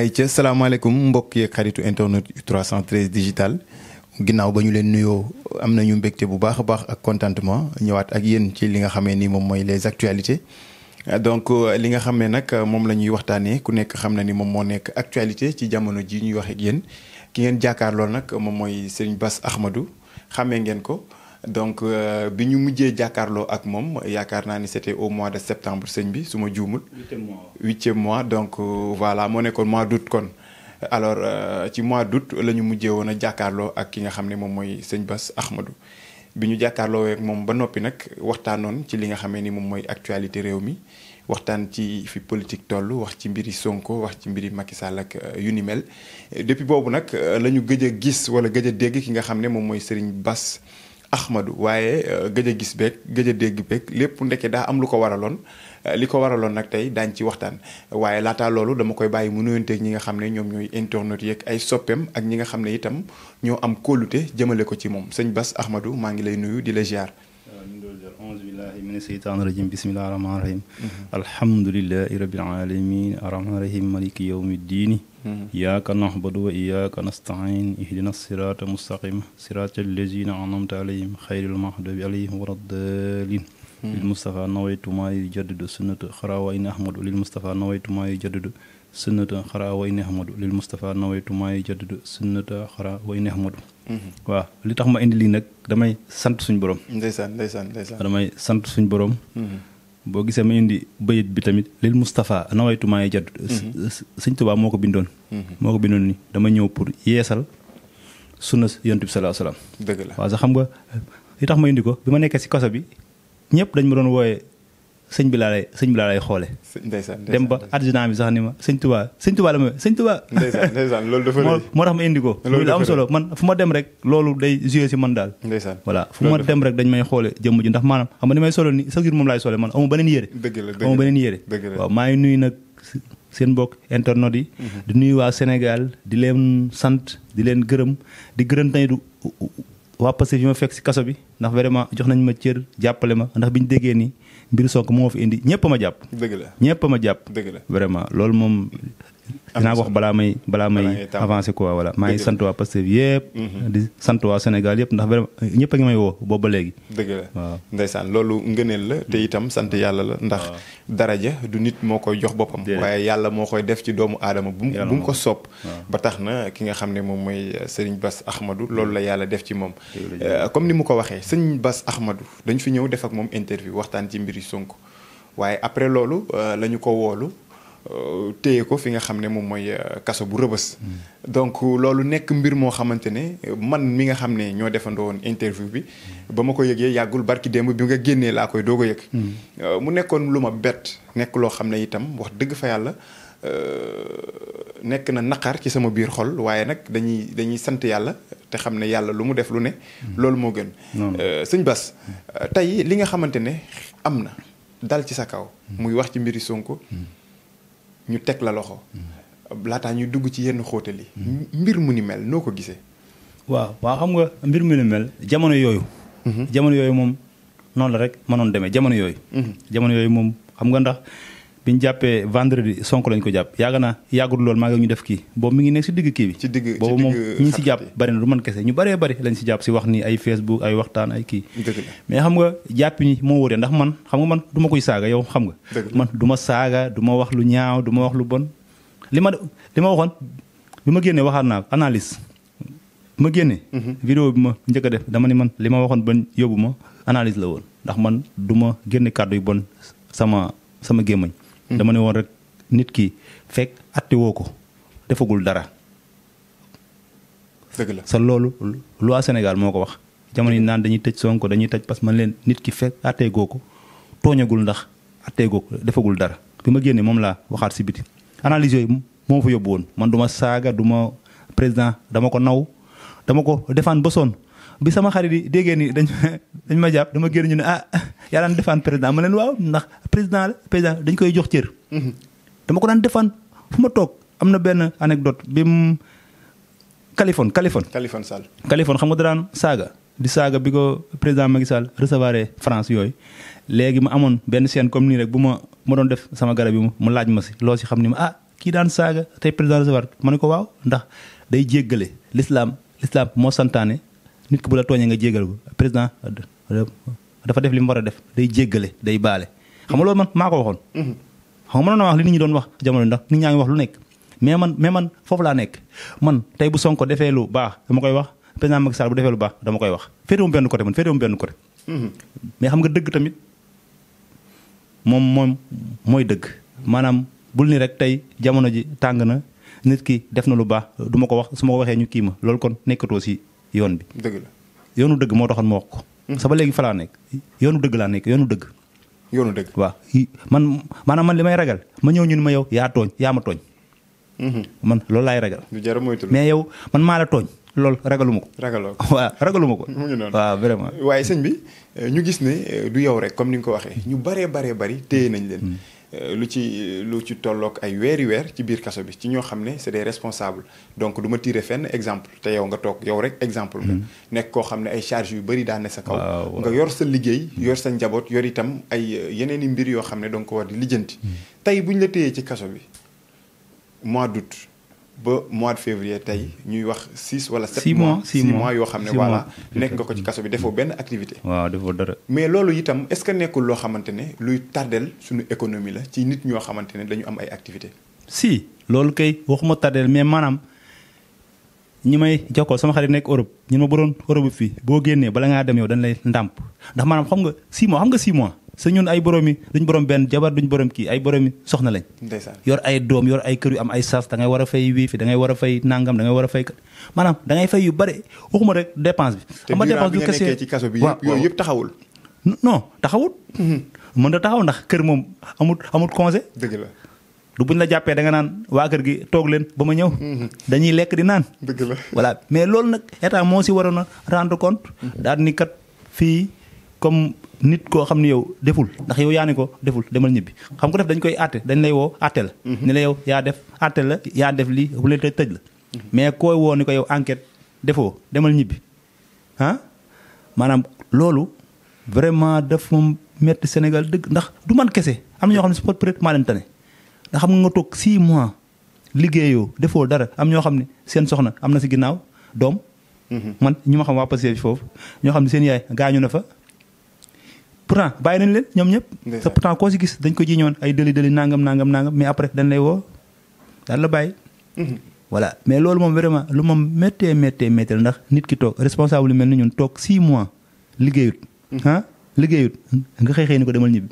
ayca salaamaaleykum mbokk yeeg xaritu internet 313 digital ginnaaw ba ñu leen nuyoo am nañu mbégte bu baax a baax ak contentement ñëwaat ak yéen ci li nga xamee ni moom mooy les actualités. donc euh, li nga xam ne nag euh, moom la ñuy waxtaanee ku nekk xam na ni moom moo nekk actualité ci jamono ji ñuy wax ak yéen ki ngeen jàkkaarloo nag moom mooy Serigne Bass ahmadu xamee ngeen ko. donc euh, bi ñu mujjee jàkkaarloo ak moom yaakaar naa ni c'était au mois de septembre sëñ bi su ma juumul. huitième mois donc euh, voilà moo nekkoon mois d'août kon. alors euh, ci mois d'août la ñu mujjee woon a jàkkaarloo ak ki nga xam ne moom mooy sëñ Bass Ahmadou bi ñu jàkkaarloo moom ba noppi nag waxtaanoon ci li nga xamee ni moom mooy actualité réew mi waxtaan ci fi politique toll wax ci mbiri Sonko wax ci mbiri Macky Sall ak yu ni mel depuis boobu nag la ñu gëj a gis wala gëj a dégg ki nga xam ne moom mooy Serigne bas Ahmadou waaye euh, gëj a gis beeg gëj dégg beeg lépp ndeke daa am lu ko waraloon euh, li ko waraloon nag tey daañ ci waxtaan waaye laataa loolu dama koy bàyyi mu nuyoonteeg ñi nga xam ne ñoom ñooy internet yeeg ay soppeem ak ñi nga xam ne itam ñoo am kóolute jëmale ko ci moom sëñ Bass Ahmadou maa ngi lay nuyu di la ziar. Euh, auzu billahi min seytaani rajim bismillahi rahmaani rahim mhm. alhamdulilahi rabbil alamin arrahmaani rahim maliki yawmi diini iyaaka nahbadu wa iyaaka nastain ihdina siraata mustaqima siraata allazina anamta alayhim xayril mahdubi alayhim wala dalin lil mustafa nawaytu maa yujaddidu sunnata xaraa wa in ahmadu lil mustafa nawaytu maa yujaddidu sunnata xaraa wa in ahmadu lil mustafa nawaytu maa yujaddidu sunnata xaraa wa in ahmadu waaw li tax ma indi lii nag damay sant suñ borom ndeysaan ndeysaan ndeysaan damay sant suñ borom boo gisee ma indi bayit bi tamit lil Moustapha nawaytu maa ngi jadd mhm. sëñ Tuubaa moo ko bindoon mhm. moo ko bindoon ni dama ñëw pour yeesal sunna yonent bi sallallahu alayhi wasallam dëgg la waaw sax xam nga li tax ma indi ko bi ma nekkee si kaso bi ñëpp dañ ma doon wooyee sëñ bi laa lay sëñ bi laa lay xoole dem ba adjudant bi sax ni ma sëñ Touba sëñ Touba la ma sëñ Touba moo tax ma indi ko muy lu am solo man fu ma dem rek loolu day si man daal voilà fu ma dem rek dañ may xoole jëmm ji ndax maanaam xam nga ni may solo ni chaque jour moom laay solo man amu beneen yére amu beneen yére waaw maa ngi nuyu nag seen mbokk internet yi mhm. di nuyu waa Sénégal di leen sant di leen gërëm di gërëm tey du waa Pastef yi ma fekk si kaso bi ndax vraiment jox nañ ma cër jàppale ma ndax biñ déggee nii mbir Sonko moo fi indi ñëpp ma jàpp. dëgg la ñëpp ma jàpp. dëgg la vraiment loolu moom dinaa wax balaa may balaa may avancé ko voilà maa ngi sant waa Pastef yëpp mhm. di sant waa Sénégal yëpp ndax vraiment ñëpp a ngi may woo boobu ba léegi dëgg la waaw ndeysaan loolu ngëneel la te mhm. itam sant yàlla la ndax daraja du nit moo koy jox boppam waaye yàlla moo koy def ci doomu aadama bu bu mu ko sopp ba tax na ki nga xam ne moom mooy euh, sëriñ Bass Ahmadou mhm. loolu la yàlla def ci moom euh, comme ni mu ko waxee sëriñ bas Ahmadou dañ fi ñëw def ak moom interview waxtaan ci mbiri Sonko waaye après loolu euh, la téye ko fi nga xam ne moom mooy euh, kaso bu rëbës. Mm. donc loolu nekk mbir moo xamante ne man mi nga xam ne ñoo defandoo woon interview bi. Mm. ba ma ko yégee yàggul barki démb bi nga génnee laa koy doog a yëg. Mm. Euh, mu nekkoon lu ma bett nekk loo xam ne itam wax dëgg fa yàlla euh, nekk na naqar ci sama biir xol waaye nag dañuy dañuy sant yàlla te xam ne yàlla lu mu def lu ne. loolu moo gën. sëñ Bas tey li nga xamante ne am na dal ci sa kaw. muy wax ci mbiri Sonko. ñu teg la loxo laataa ñu dugg ci yenn xóotal yi mbir mu ni mel noo ko gisee waaw waaw xam nga mbir mu ni mel jamono yooyu mhm. jamono yooyu moom noonu la rek mënoon demee jamono yooyu mhm. jamono yooyu moom xam nga ndax bi ñu jàppee vendredi Sonko lañ ko jàpp yàgg na yàggul lool maa ngi ñu def kii boobu mi ngi nekk si digg kii bi. ci digg boobu moom ñu si jàpp bari na du man kese ñu baree bari lañ si jàpp si wax ni ay Facebook ay waxtaan ay kii. mais xam nga jàpp ñi moo wóoree ndax man xam nga man duma koy saaga yow xam nga. man du ma saaga du ma wax lu ñaaw duma wax lu bon. li ma li ma waxoon li ma génnee waxaan naa ko ma génnee. Mhm. vidéo bi ma njëkk a def dama ni man li ma waxoon ban yóbbu ma analyse la woon ndax man du ma génne kàddu yu bon sama sama gémmañ dama ne woon rek nit ki fekk attewoo ko defagul dara. dëgg la sa loolu loi Sénégal moo ko wax. jamono yi naan dañuy tëj Sonko dañuy tëj parce que man leen nit ki fekk atteegoo ko tooñagul ndax atteegoo ko defagul dara bi ma génnee moom laa waxaat si biti. analyse yooyu moo fa yóbbu woon man du saaga duma président dama ko naw dama ko defaan ba sonn bi sama xarit yi déggee ni dañ dañ ma jàpp dama génn ñu ne ah yaa daan defaan président ma leen waaw ndax président la président dañ koy jox cër. Mhm. dama ko daan defaan fu ma toog am na benn anecdote bi mu Kaliphone Kaliphone. Kaliphone Sall. Kaliphone xam nga daan saaga. di saaga bi ko président Macky Sall recevoir France yooyu léegi ma amoon benn scène comme nii rek bu ma ma doon def sama garab yi mu laaj ma si loo si xam ni ma ah kii daan saaga tey président recevoir ma ne ko waaw ndax day jéggale l'islam l'islam moo santaane nit ki bu la tooñee nga jéggal ko président dafa def li mu war a def day jéggale day baale. xam nga loolu man maa ko waxoon. Mhm. xam nga mënoon wax li nit ñi doon wax jamono ndax nit ñaa ngi wax lu nekk. mais man mais man foofu laa nekk man tey bu Sonko defee lu baax dama koy wax président Macky Sall bu defee baax dama koy wax féetewum benn côté man féetewum benn côté. Mhm. mais xam nga dëgg tamit moom moom mooy dëgg. maanaam bul ni rek tey jamono ji tàng na nit ki def na lu baax du ma ko wax su ma ko waxee ñu kii ma loolu kon nekkatoo si. yoon bi. dëgg la yoonu dëgg moo taxoon ma wax ko. Mm-hmm. sama léegi fa nekk yoonu dëgg laa nekk yoonu dëgg. yoonu dëgg waaw man maanaam man li may ragal ma ñëw ñu ne ma yow yaa tooñ yaa ma tooñ. Mm-hmm. man loolu laay ragal. lu jar moytu mais yow man maa la tooñ. loolu ragaluma ko. ragaloo ragaluma ko. mu ngi noonu vraiment. waaye sëñ bi euh, ñu gis ne euh, du yow rek comme ni nga ko waxee. Mm-hmm. ñu baree baree bari téye nañ leen. Euh, lu ci lu ci tollook ay weeri weer ci biir kaso bi ci ñoo xam ne c'est des responsables donc duma tiire fenn exemple te yow nga toog yow rek exemple nga mm-hmm. nekk koo xam ne ay charges yu bëri daane sa kaw nga yor sa liggéey yor sa njaboot yor itam ay euh, yeneen i mbir yoo xam ne danga ko war di lijjanti mm-hmm. tey bu ñu la téyee ci kaso bi mois d'août ba mois de février tey ñuy wax six wala sept mois six mois yoo xam ne voilà nekk nga ko ci kaso bi defoo benn activité waaw defoo dara mais loolu itam est-ce que nekkul loo xamante ne luy tardeel suñu économie la ci nit ñoo xamante ne dañu am ay activité si loolu kay waxuma tardeel mais maanaam ñi may jokkoo sama xarit nekk Europe ñi ma bu doon Europe fii boo génnee bala ngaa dem yow dañ lay ndàmp ndax maanaam xam nga six mois xam nga six mois sa ñun ay borom yi duñ borom benn jabar duñ borom kii ay borom yi soxna lañ. yor ay doom yor ay kër yu am ay sas da ngay war a fay wii fi war a fay nangam da ngay war a fay da nga kaso bi yooyu taxawul. non taxawul. Mhm. mën na taxaw ndax kër moom amut amut conseil. du buñ la jàppee da naan waa kër gi toog leen ba ma ñëw. Mhm. dañuy lekk di naan. dëgg la voilà mais loolu nag état moo si waroon a rendre compte. Mhm. daal ni kat fii comme nit koo xam ne yow deful ndax yow yaa ne ko deful demal ñibbi xam ko def dañ koy àtte dañ lay woo àtte la mhm. ne la yow yaa def àtte la yaa def lii bu leen la mhm. mais koo woo ni ko yow enquête defoo demal ñibbi ah maanaam loolu vraiment daf moom metti Sénégal dëgg ndax du man kese am na ñoo xam ne sport peut-être maa leen tane ndax xam nga nga toog 6 mois liggéeyoo defoo dara am ñoo xam ne seen soxna am na si ginnaaw doom mhm. man ñu ma xam waa Pastef foofu ñoo xam ne seen yaay gaañu na fa pourtant bàyyi nañ leen ñoom ñëpp. te pourtant koo si gis dañ ko jiñoon ay dëli dëli nangam nangam nangam mais après dañ lay woo daal la bàyyi. Mhm. voilà mais loolu moom vraiment lu ma méttee méttee méttee ndax nit ki toog responsable yi mel ni ñun toog 6 mois liggéeyut. Mhm. ah liggéeyut nga xëy xëy ni ko demal ñibbi.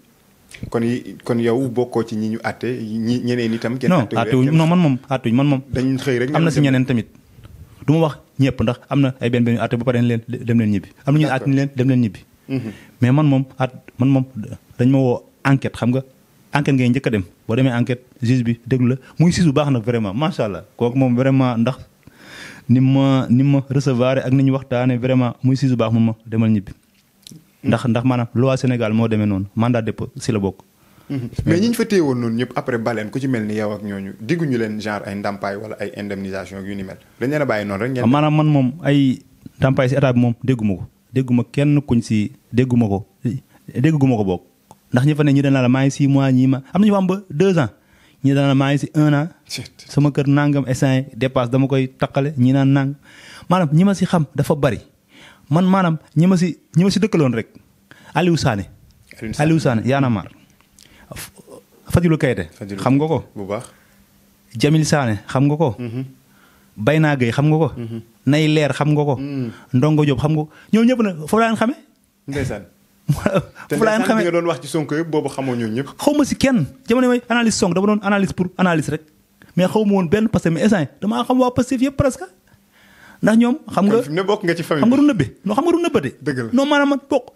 kon kon yow bokkoo ci ñi ñu àtte ñi ñeneen itam. kenn àttewul non man moom àttuñ man moom. dañ xëy rek am na si ñeneen tamit. du ma wax ñëpp ndax am na ay benn benn àtte ba pare dem leen ñibbi. am na ñu àtte mais man moom at man moom dañ ma woo enquête xam nga enquête ngay njëkk a dem boo demee enquête juge bi déglu la muy siis bu baax nag vraiment macha allah kooku moom vraiment ndax ni ma ni ma recevoir ak ni ñu waxtaanee vraiment muy siis baax moom ma demal ñibbi. ndax ndax maanaam loi Sénégal moo demee noonu mandat dépôt si la bokk. Mhm. ñu fa téye woon noonu ñëpp après baleen ku ci mel ni yow ak ñooñu digguñu leen genre ay ndàmpaay wala ay indemnisation yu ni mel dañ leen a bàyyi noonu rek. maanaam man moom ay ndàmpaay si état bi moom dégguma ko. dégguma kenn kuñ si dégguma ko dégguma ko bokk ndax ñi fa ne ñu dana la maa ngi six mois ñii ma am na ñu fa am ba deux ans ñi dana maa ngi si un sama kër nangam essai dépasse dama koy taqale ñi naan nang maanaam ñi ma si xam dafa bari man maanaam ñi ma si ñi ma si dëkkaloon rek Aliou saane Aliou Sané Y'en a marre. Fadilou Keïta xam nga ko bu baax. Jamil Sané xam nga ko. Mm-hmm. bay naa gay xam nga ko. Mhm. nay leer xam nga ko. Mhm. ndongo Diop xam nga ko ñoom ñëpp nag foofu laa leen xamee. ndeysaan. foofu laa leen xamee wax ci Sonko yëpp boobu xamoo ñoom ñëpp. xaw ma si kenn jamono may analyse Sonko dama doon analyse pour analyse rek mais xaw ma woon benn parce que mais instant damaa xam waa Pastef yëpp presque. ndax ñoom xam nga ne bokk nga ci famille xam nga du nëbbe non xam nga du nëbbate dëgg la non maanaam man bokk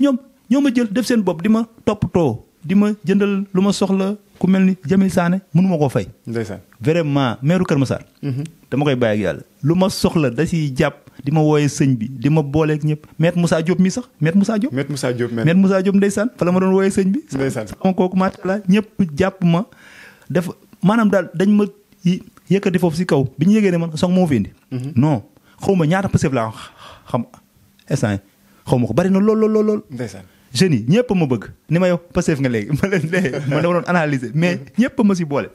ñoom ñoo ma jël def seen bopp di ma toppatoo di ma jëndal lu ma soxla ku mel ni Jamil Sané mënu ma koo fay ndeysaan vraiment maire ma Massar mhm. dama koy bàyyi ak yàlla lu ma soxla da ciy jàpp di ma wooye sëñ bi di ma booleek ñëpp Maître Moussa Diop mi sax Maître Moussa Diop. Maître Moussa Diop Maître Moussa Diop ndeysaan fa la ma doon wooyee sëñ bi. ndeysaan sama kooku maa la ñëpp jàpp ma def maanaam daal dañ ma yëkkati foofu si kaw bi ñu yëgee ne man song moo fi indi. Mhm. no xaw ma ñaata Pastef laa xam instant xaw ma ko bari na lool lool lool. jeunes yi ñëpp ma bëgg ni ma yow Pastef nga léegi ma leen dee ma dama doon analyser mais ñëpp ma si boole.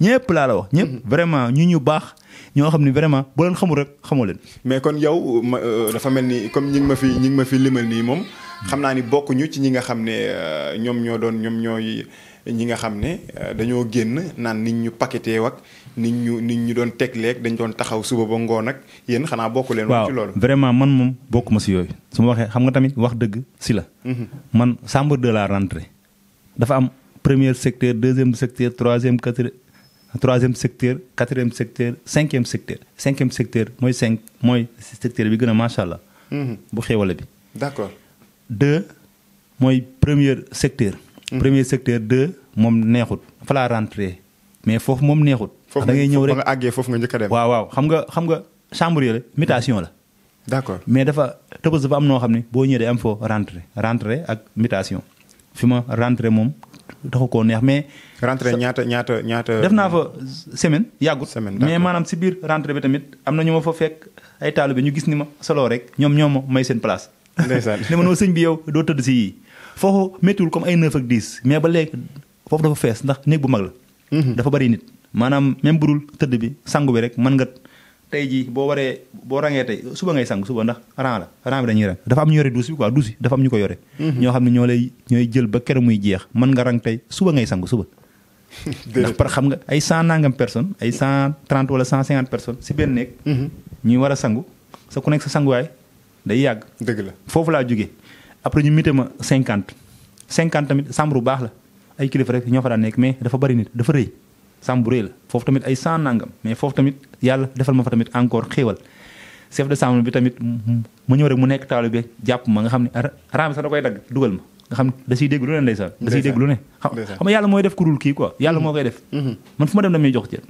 ñëpp laa la wax ñëpp vraiment ñu ñu baax ñoo xam ni vraiment bu leen xamul rek xamoo leen. mais kon yow ma euh, dafa mel ni comme ñi ma fi ñi ma fi limal nii moom xam naa ni bokkuñu ci ñi nga xam ne euh, ñoom ñoo doon ñoom ñooy ñi nga xam ne euh, dañoo génn naan nit ñu paqueté wak nit ñu nit ñu doon teg leeg dañ doon taxaw suba ba ngoon ak yéen xanaa bokk leen. waaw ci loolu vraiment man moom bokkuma si yooyu su ma waxee xam nga tamit wax dëgg si la. Mhm. man chambre de la rentrée dafa am premier secteur deuxième secteur troisième quatrième troisième secteur quatrième secteur cinquième secteur cinquième secteur mooy cinq mooy secteur bi gën a macha allah. Mhm. bu xéwale bi. d'accord deux mooy premier secteur. Mhm. premier secteur deux moom neexut fa laa rentré mais foofu moom neexut. Ah, da ngay ñëw rek a waaw waaw xam nga xam nga chambre yi la d' accord mais dafa Tëbës dafa am noo xam ne boo ñëwee day am foo rentré rentré ak mutation ma rentré moom taxu koo neex mais. rentré ñaata ñaata ñaata. def naa fa semaine yàggut. semaine mais maanaam si biir rentré bi tamit am na ñu ma fa fekk ay taalibe ñu gis ni ma solo rek ñoom ñoo ma may seen place. ndeysaan ne ma doo tëdd si yii foofu méttiwul comme mais ba léegi foofu dafa fees ndax néeg bu mag la. Mhm. dafa bari nit. maanaam même budul tëdd bi sangu bi rek mën nga tey jii boo waree boo rangee tey suba ngay sang suba ndax rang la rang bi dañuy rang dafa am ñu yore douche dafa am ñu ko yore. Mhm. ñoo xam ne ñoo lay ñooy jël ba kër muy jeex mën nga ran tey suba ngay sang suba. ndax par xam nga ay cent nangam personnes ay cent trente wala cent cinquante personnes si benn néeg. Mhm. ñuy war a sangu sa ku nekk sa sanguwaay day yàgg. dëgg la foofu laa jógee après ñu mité ma cinquante cinquante tamit chambre bu baax la ay kilifa rek ñoo fa daan nekk mais dafa bari nit dafa rëy. sàmm bu rëy la foofu tamit ay cent nangam mais foofu tamit yàlla defal ma fa tamit encore xéewal chef de chambre bi tamit mu ñëw rek mu nekk taalibe jàpp ma nga xam ne raam sax da koy dagg dugal ma nga xam da siy dégg lu ne ndeysaan da siy dégg lu ne xam yàlla mooy def ku dul kii quoi yàlla moo koy def mm-hmm. man fu ma dem damay jox cër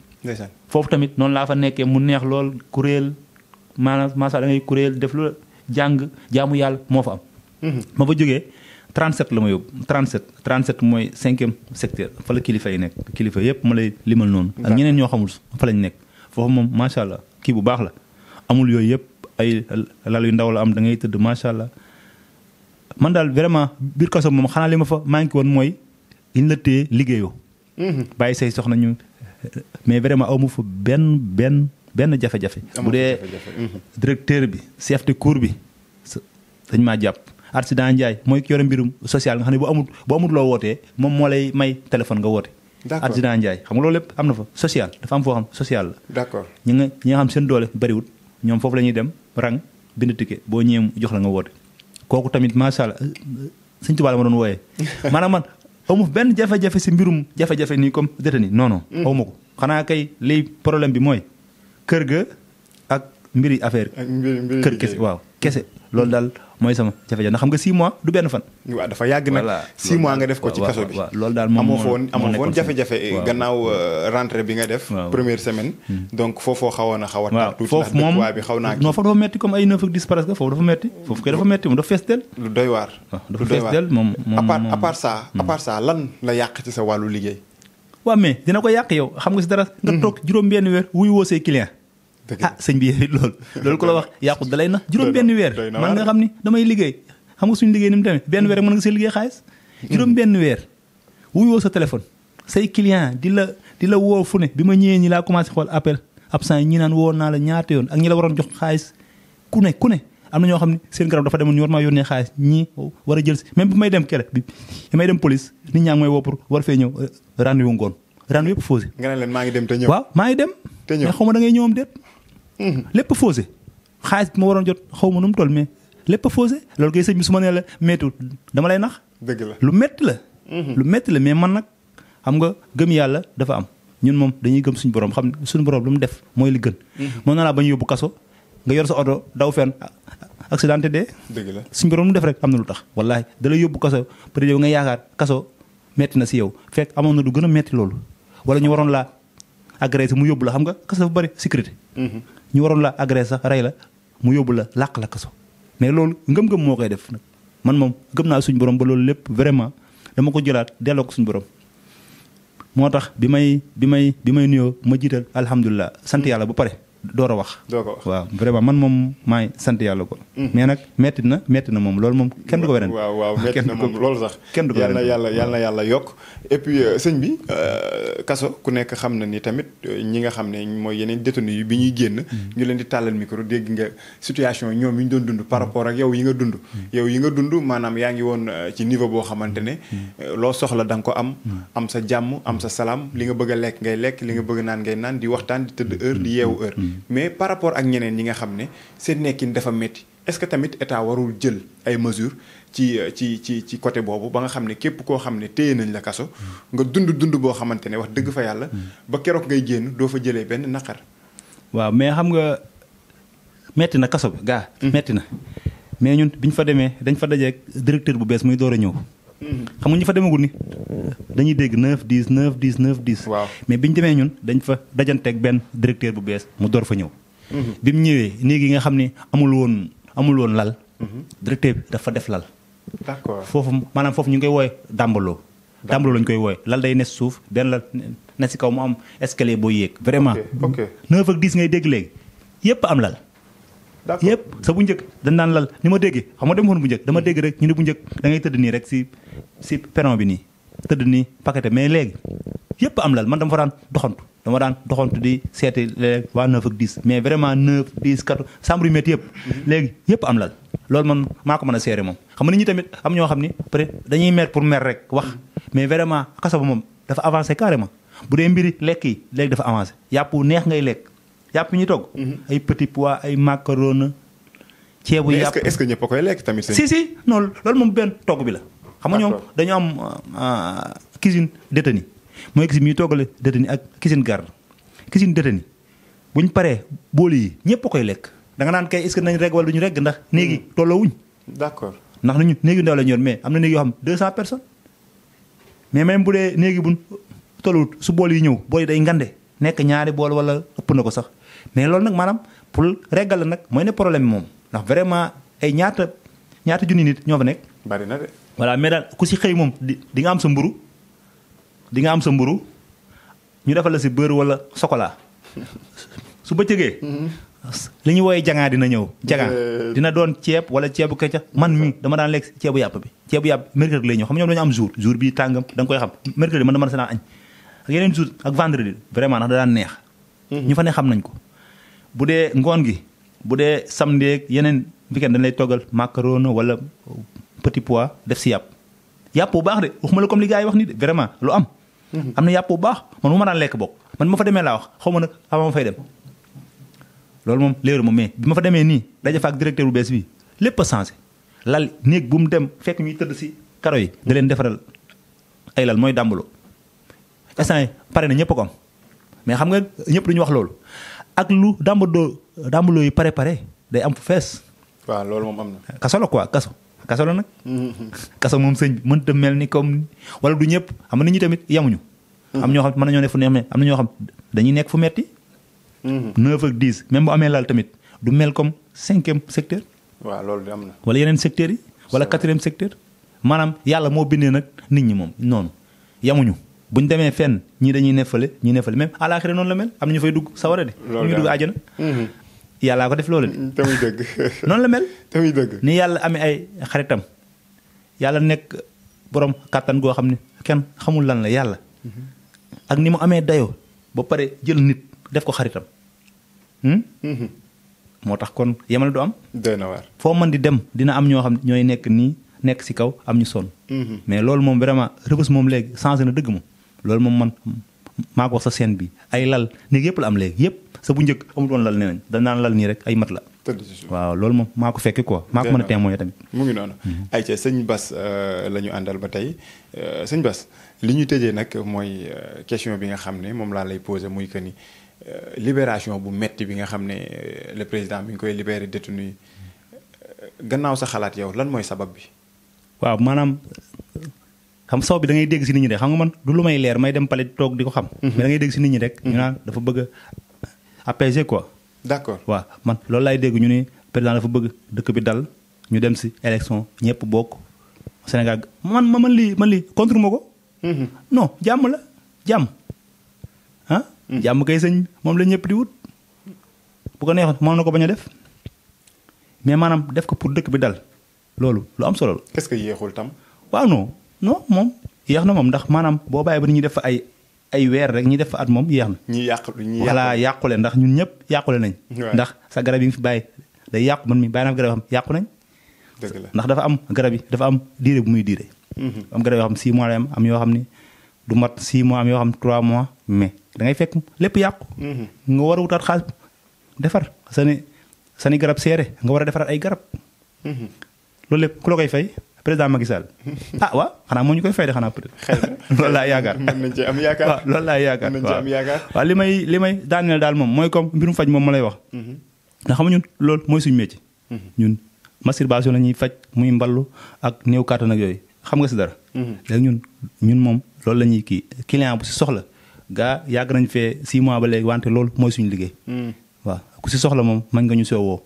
foofu tamit noonu laa fa nekkee mu neex lool kuréel maanaam maasa da ngay kuréel def lu jàng jaamu yàlla moo fa am mm-hmm. ma fa jógee 37 la ma yóbbu 37 37 mooy cinquième secteur fa la kilifa yi nekk kilifa yëpp ma lay limal noonu. ak ñeneen ñoo xamul fa lañ nekk foofu moom macha allah kii bu baax la amul yooyu yëpp ay lal yu ndaw la am da ngay tëdd macha allah. man daal vraiment biir kaso moom xanaa li ma fa manqué woon mooy liñ la téye liggéeyoo. Mhm. bàyyi say soxna ñu mais vraiment amu fa benn benn benn jafe-jafe. bu dee mhm. directeur bi chef de cour bi dañ maa jàpp. artisan Ndiaye mooy yore mbirum social nga xam ne boo amul boo amul loo wootee moom moo lay may téléphone nga woote artisan Ndiaye xam nga loolu lépp am na fa social dafa am foo xam social la d'accord ñi nga ñi nga xam seen doole bariwul ñoom foofu la ñuy dem rang bind ticket boo ñëwee jox la nga woote kooku tamit macha allah sëñ Tuubaa la ma doon wooyee maanaam man amuf benn jafe-jafe si mbirum jafe-jafe nii comme détenu non non mm. awma ko xanaa kay liy problème bi mooy kër ga ak mbiri affaire kër kese waaw kese loolu daal mooy sama jafe-jafe ndax xam nga 6 mois du benn fan. waaw dafa yàgg nag 6 mois nga def ko ci kaso bi. loolu daal moom moo nekkoon amoo foon jafe-jafe gannaaw euh, rentrée bi nga def. première semaine. Hmm. donc foofoo xawoon a xaw a. waaw foofu moom bi xaw naa. non foofu dafa metti comme ay 9 ak 10 presque foofu dafa metti foofu kay dafa metti moom dafa fees del. lu doy waar. lu doy waar dafa fees del moom moom à part à part ça à hmm. part ça lan la yàq ci sa wàllu liggéey. waaw mais dina ko yàq yow xam nga si dara. nga hmm. toog juróom benn weer wuy woo say client ah sëñ bi yewit loolu loolu ko la wax yàqut dalay na juróom benn weer man nga xam ni damay liggéey xam nga suñu liggéey ni mu demee benn weer rek mën nga see mm-hmm. weer wuyoo sa téléphone say client di la di la woo fu ne bi ma ñëwee ñi laa commencé xool appel absent yi ñi naan woo naa la ñaata yoon ak ñi la waroon jox xaalis ku ne ku ne am na ñoo xam ne seen garab dafa dem ñu war maa yónnee xaalis ñii war a jël si même bi may dem kere bi may dem police nit ñaa ngi may woo pour fee ñëw euh, rendez-vous ngoon rendez-vous yëpp fausé nga ne leen maa ngi dem te ñëw waaw maa ngi dem te ñëw xaw ma da ngay ñëwam déet lépp fausé xaalis bi ma waroon jot xaw ma nu mu toll mais lépp fausé loolu kay sëñ bi su ma nee la méttiwul dama lay nax. dëgg la lu métti la. Mhm. lu métti la mais man nag xam nga gëm yàlla dafa am ñun moom dañuy gëm suñu borom xam suñu borom lu mu def mooy li gën. Mhm. mën na laa bañ yóbbu kaso nga yor sa oto daw fenn accidenté dee. dëgg la suñu borom lu mu def rek am na lu tax. wallaahi dalay yóbbu kaso peut être yow nga yaakaar kaso métti na si yow fekk amoon na du gën a métti loolu wala ñu waroon laa agressé mu yóbbu la xam nga kaso dafa bëri sécurité. ñu waroon la agressé sax rey la mu yóbbu la làq la so mais loolu ngëm-ngëm moo koy def man moom gëm naa suñu borom ba loolu lépp vraiment dama ko jolaat delloo ko suñ borom moo tax bi may bi may bi may nuyoo ma jiital alhamdulilah sant yàlla ba pare. door a wax. doo ko wax waaw vraiment man moom maay sant yàlla ko. Mhm. mais nag metti na metti na moom loolu moom kenn du ko weneen. waaw waaw metti na moom loolu sax. kenn du ko weneen yàlla yàlla yàlla yokk. et puis euh, sëñ bi euh, kaso ku nekk xam na ni tamit euh, ñi nga xam ne mooy yeneen détenu yi bi ñuy génn. Mhm. ñu leen di tàllal micro dégg nga situation ñoom yi ñu doon dund par mhm. rapport ak yow yi nga dund. yow yi nga dund maanaam yaa ngi woon ci niveau boo xamante ne. loo soxla danga ko am. am sa jàmm am sa salaam li nga bëgg a lekk ngay lekk li nga bëgg naan ngay naan di waxtaan di tëdd heure di yeewu heure mais par rapport ak ñeneen ñi nga xam ne seen nekkin dafa métti est-ce que tamit état warul jël ay mesures ci ci ci ci côté boobu ba nga xam ne képp koo xam ne téye nañ la kaso nga dund dund boo xamante ne wax dëgg fa yàlla ba keroog ngay génn doo fa jëlee benn naqar waaw mais xam nga metti na kaso ba gaa hmm. metti na mais ñun bi ñu fa demee dañ fa dajeek directeur bu bees muy door a ñëw xam nga ñu fa demagul ni dañuy dégg 9 10 9 10 9 10. waaw mais bi ñu demee ñun dañ fa dajanteeg benn directeur bu bees mu door fa ñëw. Mhm. bi mu ñëwee néeg yi nga xam ne amul woon amul woon lal. Mhm. directeur bi dafa def lal. d'accord foofu maanaam foofu ñu ngi koy wooye dàmbaloo. dàmbaloo lañ koy wooye lal day ne suuf benn lal ne si kaw mu am escalier boo yéeg. vraiment 9 ak 10 ngay dégg léegi yépp am lal. yëpp sa bu njëkk dañ daan lal ñu ma déggee xam nga dem xoon bu njëkk dama hmm. dégg rek ñu ne bu njëkk da ngay tëdd nii rek si si peron bi nii tëdd nii paqueté mais léegi yëpp am lal man dama fa daan doxantu dama daan doxantu di seeti léeg waa 9 mais vraiment 9 10 14 chambre yu métti yëpp hmm. léegi yëpp am lal loolu man maa ko mën a seere moom xam nga nit ñi tamit am ñoo xam ni peut-être dañuy mer pour mer rek wax hmm. mais vraiment kaso ba moom dafa avancé carrément bu dee mbiri lekk yi léegi dafa avancé yàpp neex ngay lekk yàpp ñu togg. Mhm. ay petit pois ay macaroni. ceebu yàpp est-ce que ñëpp a koy lekk tamit. si non loolu moom benn togg bi la. xam nga ñoom dañu am euh, euh, cuisine détenue mooy cuisine bi ñu toggale détenue ak cuisine garde cuisine détenue bu ñu paree bool yi ñëpp a koy lekk. da nga naan kay est nañ reg wala du ñu reg ndax néegi mhm. tolloo wuñ. d'accord ndax nañu néegi ndaw la ñu yor mais am na néegi yoo xam 200 personnes mais même bu dee néegi buñ tolluwut su bool yi ñëw day ngande nekk ñaari bool wala ëpp na ko sax mais loolu nag maanaam pour régal la nag mooy ne problème bi moom ndax vraiment ay ñaata ñaata junni nit ñoo fa nekk. bari na de. voilà daal ku si xëy moom di nga am sa mburu di nga am sa mburu ñu defal la si beurre wala chocolat su bëccëgee. li ñu wooyee jangaa dina ñëw. jangaa euh, dina doon ceeb wala ceebu kecca man mi dama daan lekk ceebu yàpp bi. ceebu yàpp mercredi lay ñëw xam nga ñoom dañu am jour jour bi tàngam da nga koy xam mercredi man dama la sa naan añ ak yeneen jour vraiment ndax da daan neex. Mhm. ñu fa ne xam nañ ko. bu dee ngoon gi bu dee samedi ak yeneen weekend dañ lay toggal macaroni wala petit pois def si yàpp yàpp bu baax de waxuma la comme li gars wax ni de vraiment lu am. Mhm. am na yàpp bu baax man bu ma daan lekk bokk man ma fa demee laa wax xaw ma nag avant fay dem. loolu moom léeru ma mais bi ma fa demee nii daje fa ak directeur bu bees bi lépp a changé lal néeg bu mu dem fekk ñuy tëdd si karo yi. nga leen defaral ay lal mooy dàmbuloo instant yi pare na ñëpp ko am mais xam nga ñëpp duñu wax loolu. ak lu dambadoo dambadoo yi pare pare day am fu fees. waaw loolu moom am na. kaso la quoi kaso kaso la nag. Mm-hmm. kaso moom sëñ bi mënta mel ni comme wala du ñëpp xam na ñi tamit yemuñu. Mm-hmm. am ñoo xam mën nañoo ne fu ne am na ñoo xam dañuy nekk fu metti mm-hmm. neuf ak dix même bu amee laal tamit du mel comme cinquième secteur. waaw loolu am na. wala yeneen secteurs yi. wala quatrième secteur. maanaam yàlla moo bindee nag nit ñi moom noonu yemuñu. bu ñu demee fenn ñii dañuy neffale ñii neffale même àllaaxira noonu la mel am ñu fay dugg sawara de. loolu ñu dugg àjjana. Mhm. yàllaa ko def loolu de. Mm, tamit dëgg. noonu la mel. tamit dëgg ni yàlla amee ay xaritam yàlla nekk borom kàttan goo xam ne kenn xamul lan la yàlla. Mhm. ak ni mu amee dayoo ba pare jël nit def ko xaritam. Hmm? Mhm. moo tax kon yemal du am. na waar foo mën di dem dina am ñoo xam ñooy nekk nii nekk si kaw am ñu sonn. mais loolu moom vraiment rëbës moom léegi changé na dëgg moom. loolu moom man maa ko wax sa scène bi ay lal néeg yëpp la am léegi yëpp sa bu njëkk amul woon lal ne nañ dañ lal nii rek ay mat la waaw loolu moom maa ko fekkee quoi maa ko mën a témoigner tamit mu ngi noonu mhm. ay ca sëñ euh, la ñu àndal ba tey euh, sëñ Bass li ñu tëjee nag mooy euh, question bi nga xam ne moom laa lay posé muy que ni libération bu metti bi nga xam ne le président bi nga koy libéré détenu yi gannaaw sa xalaat yow lan mooy sabab bi waaw maanaam xam soow bi dangay ngay dégg si nit ñi rek xam nga man du lu may leer may dem pale toog di ko xam. Mhm. mais da dégg si nit ñi rek. ñu mhm. naan dafa bëgg a apaiser quoi. d'accord man loolu laay dégg ñu ne président dafa bëgg dëkk bi dal ñu dem si élection ñëpp bokk Sénégal man ma man lii man lii contre ma ko. Mhm. no jàmm la jàmm. ah jàmm kay sëñ moom la ñëpp di wut bu ko neexoon mën na ko bañ a def mais maanaam def ko pour dëkk bi dal loolu lu am solo la. ce que yéexul tam. waaw non. non moom yéex na moom ndax maanaam boo bàyyi ba ñuy def fa ay ay weer rek ñuy def fa at moom yéex na. ñuy yàq ñuy yàqule voilà yàqule ndax ñun ñëpp yàqule nañ. ndax sa garab yi nga fi bàyyi day yàqu man mi bàyyi naa fi garab yàqu nañ. la ndax dafa am garab yi dafa am diire bu muy diire. Mhm. am garab yoo xam ne 6 mois lay am yoo xam ne du mat 6 mois am yoo xam ne 3 mois mais dangay ngay fekk lépp yàqu. Mhm. nga war a wutaat xaal defar sani sani garab seere nga war a defaraat ay garab. Mhm. loolu lépp ku la koy fay. président a Sall ah waaw xanaa moo ñu koy fay de xanaa peut être loolu laa yaakaar mën nañ ci am yaakaar waaw loolu laa yaakaar mën nañ ci am yaakaar waaw li may li may daaneel daal moom mooy comme mbirum faj moom ma lay wax mhm. ndax xam nga ñun loolu mooy suñu métier mhm. ñun masturbation la ñuy faj muy mballu ak néew kàttan ak yooyu xam nga si dara mhm. léegi ñun ñun moom loolu la ñuy kii client bu si soxla gaa yàgg nañ fee six mois ba léegi wante loolu mooy suñu liggéey waaw ku si soxla moom mën nga ñu soowoo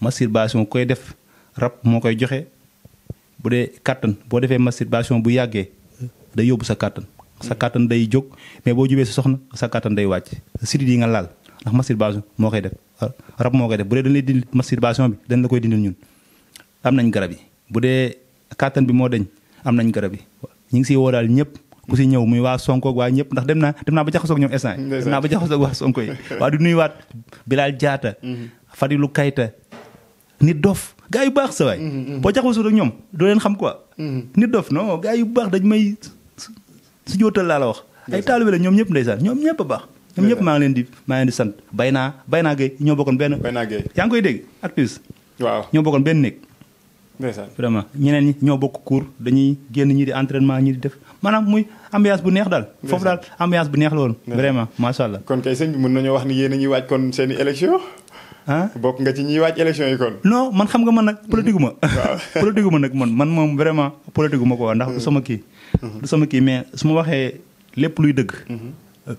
masturbation koy def rab moo koy joxe bu dee kàttan boo defee masturbation bu yàggee day yóbbu sa kàttan sa kàttan day jóg mais boo jubee sa soxna sa kàttan day wàcc sidit di nga laal ndax masturbation moo koy def ah, rab moo koy def bu dee dañ lay dindi bi dañ la koy dindil ñun am nañ garab yi bu dee kàttan bi moo deñ am nañ garab yi ñu ngi siy woo daal ñëpp ku si ñëw muy waa Sonko waa ñëpp ndax dem naa dem naa ba jaxasoog ñoom instant dem naa ba jaxasoog waa Sonko yi waa du nuyuwaat Bilal Diatta mhm. nit doof gaa yu baax sa waay. Mm-hmm, mm-hmm. boo jaxasoo ak ñoom doo leen xam quoi. Mm-hmm. nit doof non gaa yu baax dañ may su jootal laa la wax. ay taalibe la ñoom ñëpp ndeysaan ñoom ñëpp a baax. ñoom ñëpp maa ngi leen di maa ngi leen di sant bay naa bay naa gay ñoo bokkoon benn. bay naa koy dégg actrice. waaw ñoo bokkoon benn néeg. ndeysaan vraiment ñeneen ñi ñoo bokk cours dañuy génn ñi di entraînement ñi di def maanaam muy ambiance bu neex daal. foofu daal ambiance bu neex la woon. vraiment macha allah. kon kay sëñ bi mën wax ni yéen a ngi waaj kon seen i élection ah bokk nga ci ñiy waaj élection yi kon. non man xam nga man nag politique gu ma. waaw politique nag man man moom vraiment politique gu ko ndax du sama kii. Mm-hmm. du sama kii mais su ma waxee lépp luy dëgg. Mm-hmm. Euh,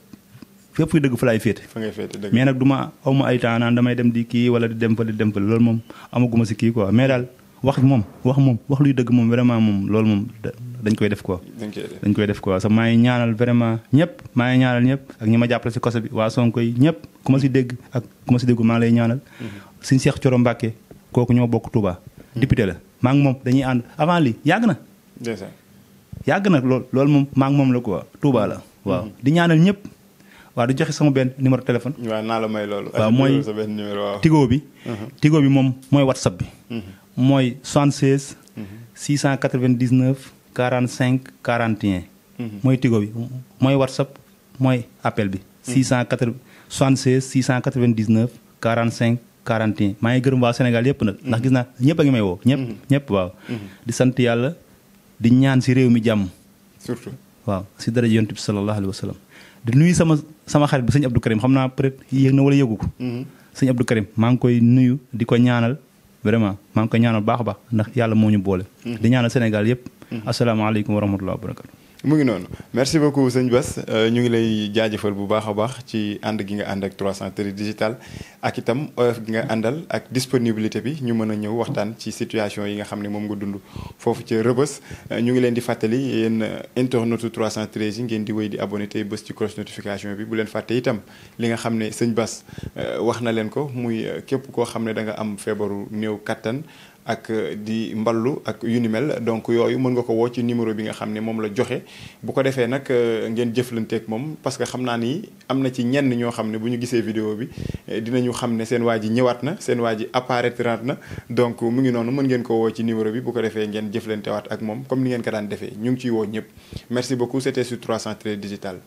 fépp kuy dëgg fa laay féete. fa ngay mais nag du ma aw ma ay temps naan damay dem di kii wala di dem fa di dem fa loolu moom amaguma si kii quoi mais daal wax moom wax moom wax luy dëgg moom vraiment moom loolu moom. dañ koy def quoi. dañ koy def quoi sa maa ngi ñaanal vraiment ñëpp maa ñaanal ñëpp ak ñi ma jàppale si kose bi waa Sonko yi ñëpp ku ma si dégg ak ku ma si déggu maa ngi lay ñaanal. suñu Seex Coro Mbàkke kooku ñoo bokk Touba. Mm-hmm. député la maa moom dañuy ànd avant yàgg na. yàgg na lool loolu moom maa ngi moom la quoi Touba la. Mm-hmm. waaw di ñaanal ñëpp waaw di joxe sama benn numéro téléphone. waaw naa la may loolu. waaw mooy tigo bi. Mm-hmm. tigo bi moom mooy whatsapp bi. mooy 76. 699. cinq quarante 41. Mhm. mooy tigo bi mooy whatsapp mooy appel bi. 680 76 699 45 41 maa ngi gërëm waa Sénégal yëpp nag. ndax mhm. gis naa ñëpp a ngi may woo. ñëpp mhm. ñëpp waaw. di sant yàlla di ñaan si réew mi jàmm. surtout waaw si dara yonent bi sallallahu alayhi wa sallam. di nuyu sama sama xarit bi sëñ Abdou Karim xam naa peut-être yéeg na wala yëgu ko. sëñ Abdou Karim maa ngi koy nuyu di ko ñaanal vraiment maa ngi koy ñaanal baax a baax ndax yàlla moo ñu boole. di ñaanal Sénégal yëpp. Mm-hmm. asalaamaaleykum wa rahmatulah wa mu ngi noonu merci beaucoup sëñ Bass euh, ñu ngi lay jaajëfal bu baax a baax ci ànd gi nga ànd ak 313 digital ak itam oyof gi nga àndal ak disponibilité bi ñu mën a ñëw waxtaan ci situation yi nga xam ne moom nga dund foofu ci rëbës euh, ñu ngi leen di fàttali yéen euh, cent 313 yi ngeen di wéy di abonné tey bës ci cloche notification bi bu leen fàtte itam li nga xam ne sëñ Bass wax na leen ko muy képp koo xam ne da nga am feebaru néew kattan ak euh, di mballu ak yu ni mel donc yooyu mën nga ko woo ci numéro bi nga xam ne moom la joxe bu ko defee nag euh, ngeen jëflanteeg moom parce que xam naa ni am na ci ñenn ñoo xam ne bu ñu gisee vidéo bi euh, ñu xam ne seen waa ji ñëwaat na seen waa ji apparaître na donc mu ngi noonu mën ngeen ko woo ci numéro bi bu ko defee ngeen jëflantewaat ak moom comme ni ngeen ko daan defee ñu ngi ci woo ñëpp merci beaucoup c'était sur 313 digital